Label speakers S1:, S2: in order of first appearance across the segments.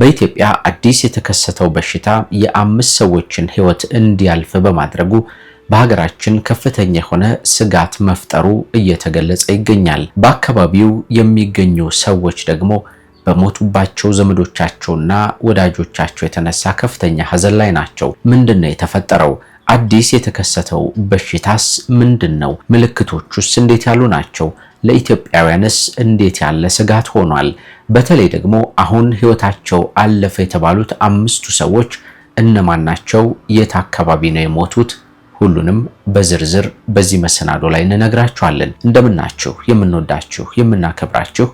S1: በኢትዮጵያ አዲስ የተከሰተው በሽታ የአምስት ሰዎችን ሕይወት እንዲያልፍ በማድረጉ በሀገራችን ከፍተኛ የሆነ ስጋት መፍጠሩ እየተገለጸ ይገኛል። በአካባቢው የሚገኙ ሰዎች ደግሞ በሞቱባቸው ዘመዶቻቸውና ወዳጆቻቸው የተነሳ ከፍተኛ ሀዘን ላይ ናቸው። ምንድን ነው የተፈጠረው? አዲስ የተከሰተው በሽታስ ምንድን ነው? ምልክቶቹስ እንዴት ያሉ ናቸው? ለኢትዮጵያውያንስ እንዴት ያለ ስጋት ሆኗል? በተለይ ደግሞ አሁን ህይወታቸው አለፈ የተባሉት አምስቱ ሰዎች እነማን ናቸው? የት አካባቢ ነው የሞቱት? ሁሉንም በዝርዝር በዚህ መሰናዶ ላይ እንነግራችኋለን። እንደምናችሁ የምንወዳችሁ የምናከብራችሁ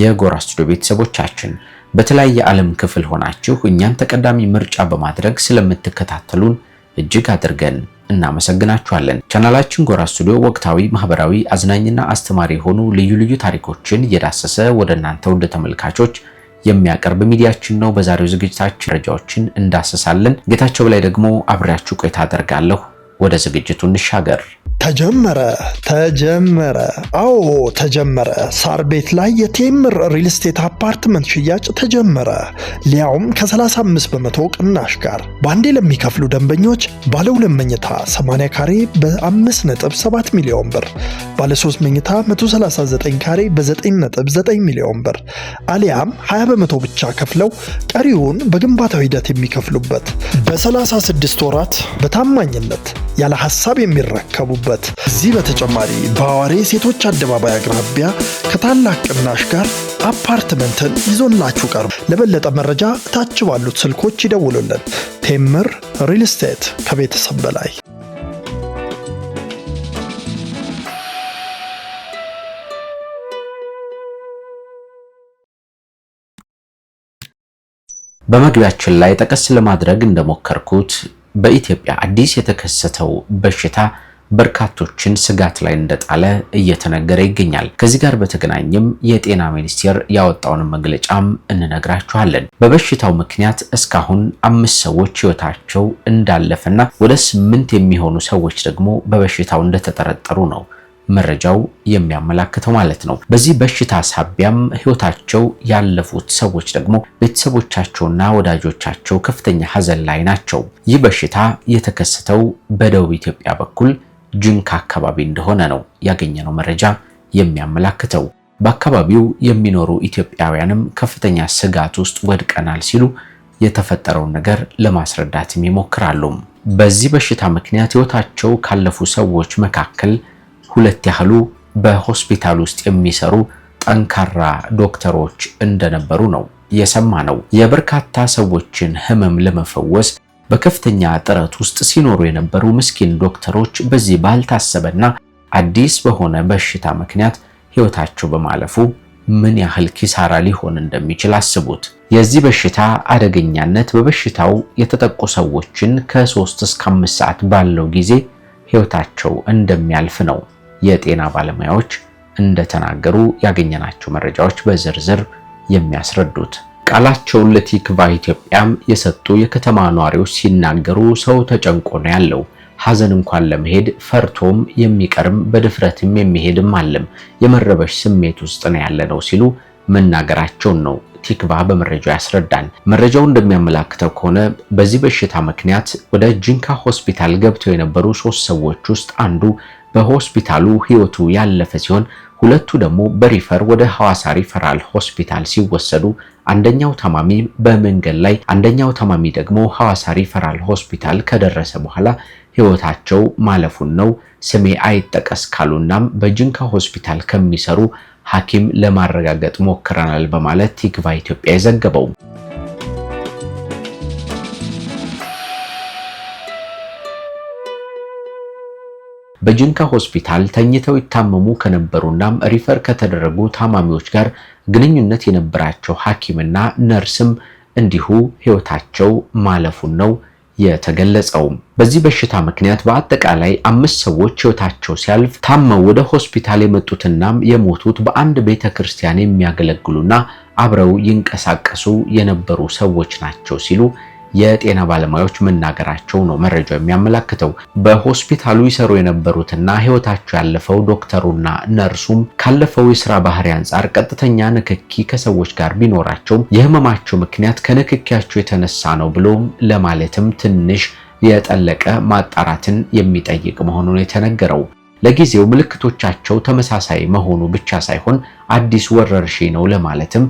S1: የጎራ ስቱዲዮ ቤተሰቦቻችን በተለያየ ዓለም ክፍል ሆናችሁ እኛን ተቀዳሚ ምርጫ በማድረግ ስለምትከታተሉን እጅግ አድርገን እናመሰግናችኋለን። ቻናላችን ጎራ ስቱዲዮ ወቅታዊ፣ ማህበራዊ፣ አዝናኝና አስተማሪ የሆኑ ልዩ ልዩ ታሪኮችን እየዳሰሰ ወደ እናንተ ወደ ተመልካቾች የሚያቀርብ ሚዲያችን ነው። በዛሬው ዝግጅታችን መረጃዎችን እንዳሰሳለን። ጌታቸው ላይ ደግሞ አብሬያችሁ ቆይታ አደርጋለሁ። ወደ ዝግጅቱ እንሻገር።
S2: ተጀመረ ተጀመረ፣ አዎ ተጀመረ። ሳር ቤት ላይ የቴምር ሪል ስቴት አፓርትመንት ሽያጭ ተጀመረ። ሊያውም ከ35 በመቶ ቅናሽ ጋር በአንዴ ለሚከፍሉ ደንበኞች ባለ ሁለት መኝታ 80 ካሬ በ5.7 ሚሊዮን ብር፣ ባለ 3 መኝታ 139 ካሬ በ9.9 ሚሊዮን ብር አሊያም 20 በመቶ ብቻ ከፍለው ቀሪውን በግንባታው ሂደት የሚከፍሉበት በ36 ወራት በታማኝነት ያለ ሀሳብ የሚረከቡበት። እዚህ በተጨማሪ በአዋሬ ሴቶች አደባባይ አቅራቢያ ከታላቅ ቅናሽ ጋር አፓርትመንትን ይዞላችሁ ቀርቡ። ለበለጠ መረጃ ታች ባሉት ስልኮች ይደውሉልን። ቴምር ሪል ስቴት ከቤተሰብ በላይ
S1: በመግቢያችን ላይ ጠቀስ ለማድረግ እንደሞከርኩት በኢትዮጵያ አዲስ የተከሰተው በሽታ በርካቶችን ስጋት ላይ እንደጣለ እየተነገረ ይገኛል። ከዚህ ጋር በተገናኘም የጤና ሚኒስቴር ያወጣውን መግለጫም እንነግራችኋለን። በበሽታው ምክንያት እስካሁን አምስት ሰዎች ሕይወታቸው እንዳለፈና ወደ ስምንት የሚሆኑ ሰዎች ደግሞ በበሽታው እንደተጠረጠሩ ነው መረጃው የሚያመላክተው ማለት ነው። በዚህ በሽታ ሳቢያም ህይወታቸው ያለፉት ሰዎች ደግሞ ቤተሰቦቻቸውና ወዳጆቻቸው ከፍተኛ ሀዘን ላይ ናቸው። ይህ በሽታ የተከሰተው በደቡብ ኢትዮጵያ በኩል ጅንካ አካባቢ እንደሆነ ነው ያገኘነው መረጃ የሚያመላክተው። በአካባቢው የሚኖሩ ኢትዮጵያውያንም ከፍተኛ ስጋት ውስጥ ወድቀናል ሲሉ የተፈጠረውን ነገር ለማስረዳትም ይሞክራሉ። በዚህ በሽታ ምክንያት ህይወታቸው ካለፉ ሰዎች መካከል ሁለት ያህሉ በሆስፒታል ውስጥ የሚሰሩ ጠንካራ ዶክተሮች እንደነበሩ ነው የሰማ ነው። የበርካታ ሰዎችን ህመም ለመፈወስ በከፍተኛ ጥረት ውስጥ ሲኖሩ የነበሩ ምስኪን ዶክተሮች በዚህ ባልታሰበና አዲስ በሆነ በሽታ ምክንያት ህይወታቸው በማለፉ ምን ያህል ኪሳራ ሊሆን እንደሚችል አስቡት። የዚህ በሽታ አደገኛነት በበሽታው የተጠቁ ሰዎችን ከ3 እስከ 5 ሰዓት ባለው ጊዜ ህይወታቸው እንደሚያልፍ ነው የጤና ባለሙያዎች እንደተናገሩ ያገኘናቸው መረጃዎች በዝርዝር የሚያስረዱት ቃላቸውን ለቲክቫ ኢትዮጵያም የሰጡ የከተማ ነዋሪዎች ሲናገሩ ሰው ተጨንቆ ነው ያለው። ሐዘን እንኳን ለመሄድ ፈርቶም የሚቀርም በድፍረትም የሚሄድም አለም የመረበሽ ስሜት ውስጥ ነው ያለ ነው ሲሉ መናገራቸውን ነው ቲክቫ በመረጃው ያስረዳል መረጃው እንደሚያመላክተው ከሆነ በዚህ በሽታ ምክንያት ወደ ጂንካ ሆስፒታል ገብተው የነበሩ ሶስት ሰዎች ውስጥ አንዱ በሆስፒታሉ ህይወቱ ያለፈ ሲሆን ሁለቱ ደግሞ በሪፈር ወደ ሐዋሳ ሪፈራል ሆስፒታል ሲወሰዱ አንደኛው ታማሚ በመንገድ ላይ አንደኛው ታማሚ ደግሞ ሐዋሳ ሪፈራል ሆስፒታል ከደረሰ በኋላ ህይወታቸው ማለፉን ነው ስሜ አይጠቀስ ካሉናም በጅንካ ሆስፒታል ከሚሰሩ ሐኪም ለማረጋገጥ ሞክረናል በማለት ይግባ ኢትዮጵያ የዘገበው በጅንካ ሆስፒታል ተኝተው ይታመሙ ከነበሩናም ሪፈር ከተደረጉ ታማሚዎች ጋር ግንኙነት የነበራቸው ሐኪምና ነርስም እንዲሁ ሕይወታቸው ማለፉን ነው የተገለጸው። በዚህ በሽታ ምክንያት በአጠቃላይ አምስት ሰዎች ሕይወታቸው ሲያልፍ ታመው ወደ ሆስፒታል የመጡትናም የሞቱት በአንድ ቤተ ክርስቲያን የሚያገለግሉና አብረው ይንቀሳቀሱ የነበሩ ሰዎች ናቸው ሲሉ የጤና ባለሙያዎች መናገራቸው ነው መረጃው የሚያመላክተው። በሆስፒታሉ ይሰሩ የነበሩትና ህይወታቸው ያለፈው ዶክተሩና ነርሱም ካለፈው የስራ ባህሪ አንጻር ቀጥተኛ ንክኪ ከሰዎች ጋር ቢኖራቸውም የህመማቸው ምክንያት ከንክኪያቸው የተነሳ ነው ብሎም ለማለትም ትንሽ የጠለቀ ማጣራትን የሚጠይቅ መሆኑን የተነገረው። ለጊዜው ምልክቶቻቸው ተመሳሳይ መሆኑ ብቻ ሳይሆን አዲስ ወረርሽኝ ነው ለማለትም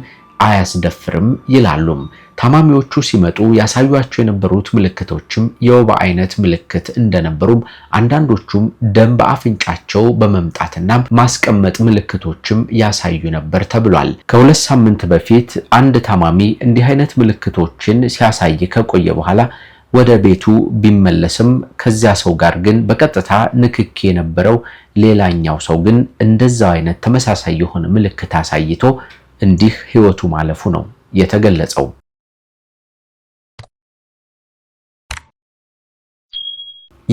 S1: አያስደፍርም ይላሉም። ታማሚዎቹ ሲመጡ ያሳዩቸው የነበሩት ምልክቶችም የወባ አይነት ምልክት እንደነበሩም አንዳንዶቹም ደም በአፍንጫቸው በመምጣትና ማስቀመጥ ምልክቶችም ያሳዩ ነበር ተብሏል። ከሁለት ሳምንት በፊት አንድ ታማሚ እንዲህ አይነት ምልክቶችን ሲያሳይ ከቆየ በኋላ ወደ ቤቱ ቢመለስም ከዚያ ሰው ጋር ግን በቀጥታ ንክኪ የነበረው ሌላኛው ሰው ግን እንደዛው አይነት ተመሳሳይ የሆነ ምልክት አሳይቶ እንዲህ ሕይወቱ ማለፉ ነው የተገለጸው።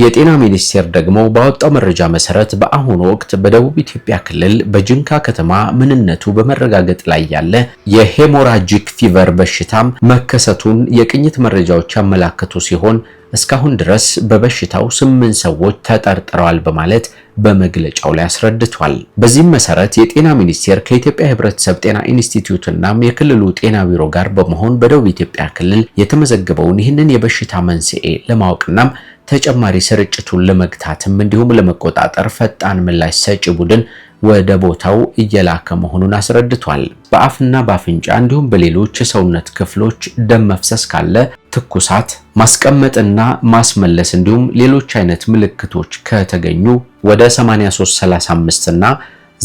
S1: የጤና ሚኒስቴር ደግሞ ባወጣው መረጃ መሰረት በአሁኑ ወቅት በደቡብ ኢትዮጵያ ክልል በጅንካ ከተማ ምንነቱ በመረጋገጥ ላይ ያለ የሄሞራጂክ ፊቨር በሽታም መከሰቱን የቅኝት መረጃዎች ያመላከቱ ሲሆን እስካሁን ድረስ በበሽታው ስምንት ሰዎች ተጠርጥረዋል በማለት በመግለጫው ላይ አስረድቷል። በዚህም መሰረት የጤና ሚኒስቴር ከኢትዮጵያ ሕብረተሰብ ጤና ኢንስቲትዩት እናም የክልሉ ጤና ቢሮ ጋር በመሆን በደቡብ ኢትዮጵያ ክልል የተመዘገበውን ይህንን የበሽታ መንስኤ ለማወቅናም ተጨማሪ ስርጭቱን ለመግታትም እንዲሁም ለመቆጣጠር ፈጣን ምላሽ ሰጪ ቡድን ወደ ቦታው እየላከ መሆኑን አስረድቷል። በአፍና በአፍንጫ እንዲሁም በሌሎች የሰውነት ክፍሎች ደም መፍሰስ ካለ ትኩሳት፣ ማስቀመጥና ማስመለስ እንዲሁም ሌሎች አይነት ምልክቶች ከተገኙ ወደ 8335 እና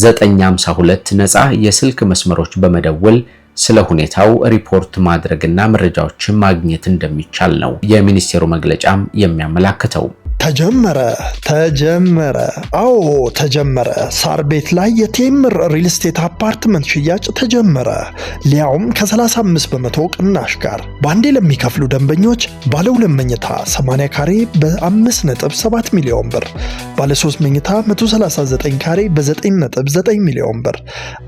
S1: 952 ነፃ የስልክ መስመሮች በመደወል ስለ ሁኔታው ሪፖርት ማድረግና መረጃዎችን ማግኘት እንደሚቻል ነው የሚኒስቴሩ መግለጫም የሚያመላክተው።
S2: ተጀመረ ተጀመረ። አዎ ተጀመረ። ሳር ቤት ላይ የቴምር ሪል ስቴት አፓርትመንት ሽያጭ ተጀመረ። ሊያውም ከ35 በመቶ ቅናሽ ጋር በአንዴ ለሚከፍሉ ደንበኞች ባለ ሁለት መኝታ 80 ካሬ በ5.7 ሚሊዮን ብር፣ ባለ 3 መኝታ 139 ካሬ በ9.9 ሚሊዮን ብር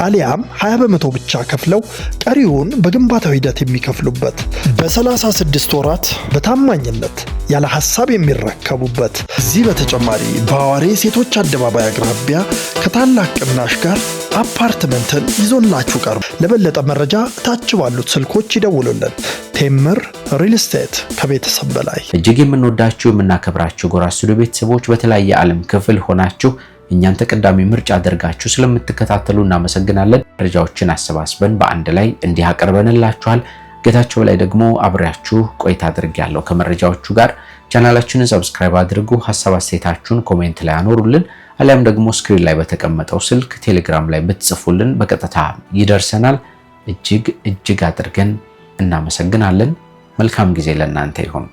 S2: አሊያም 20 በመቶ ብቻ ከፍለው ቀሪውን በግንባታው ሂደት የሚከፍሉበት በ36 ወራት በታማኝነት ያለ ሀሳብ የሚረከቡበት ይደርሱበት። እዚህ በተጨማሪ በአዋሬ ሴቶች አደባባይ አቅራቢያ ከታላቅ ቅናሽ ጋር አፓርትመንትን ይዞላችሁ ቀርቡ። ለበለጠ መረጃ ታች ባሉት ስልኮች ይደውሉልን። ቴምር ሪል ስቴት ከቤተሰብ በላይ።
S1: እጅግ የምንወዳችሁ የምናከብራችሁ ጎራ ስቱዲዮ ቤተሰቦች በተለያየ ዓለም ክፍል ሆናችሁ እኛን ተቀዳሚ ምርጫ አድርጋችሁ ስለምትከታተሉ እናመሰግናለን። መረጃዎችን አሰባስበን በአንድ ላይ እንዲህ አቀርበንላችኋል። ጌታቸው ላይ ደግሞ አብሬያችሁ ቆይታ አድርጌያለሁ ከመረጃዎቹ ጋር ቻናላችንን ሰብስክራይብ አድርጉ። ሀሳብ አስተያየታችሁን ኮሜንት ላይ አኖሩልን፣ አሊያም ደግሞ ስክሪን ላይ በተቀመጠው ስልክ ቴሌግራም ላይ ብትጽፉልን በቀጥታ ይደርሰናል። እጅግ እጅግ አድርገን እናመሰግናለን። መልካም ጊዜ ለእናንተ ይሁን።